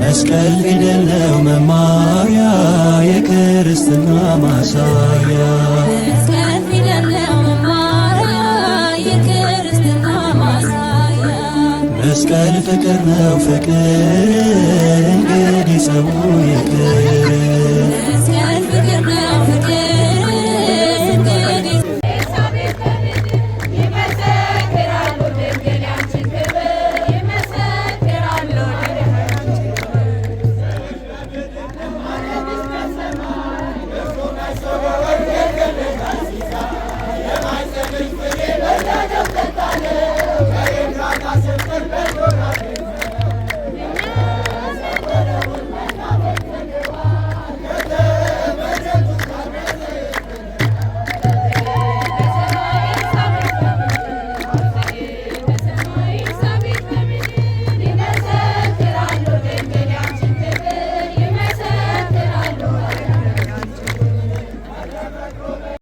መስቀል ፊደል ነው መማሪያ የክርስትና ማሳያ መስቀል ፍቅር ነው ፍቅር እንግዲህ ሰው የክር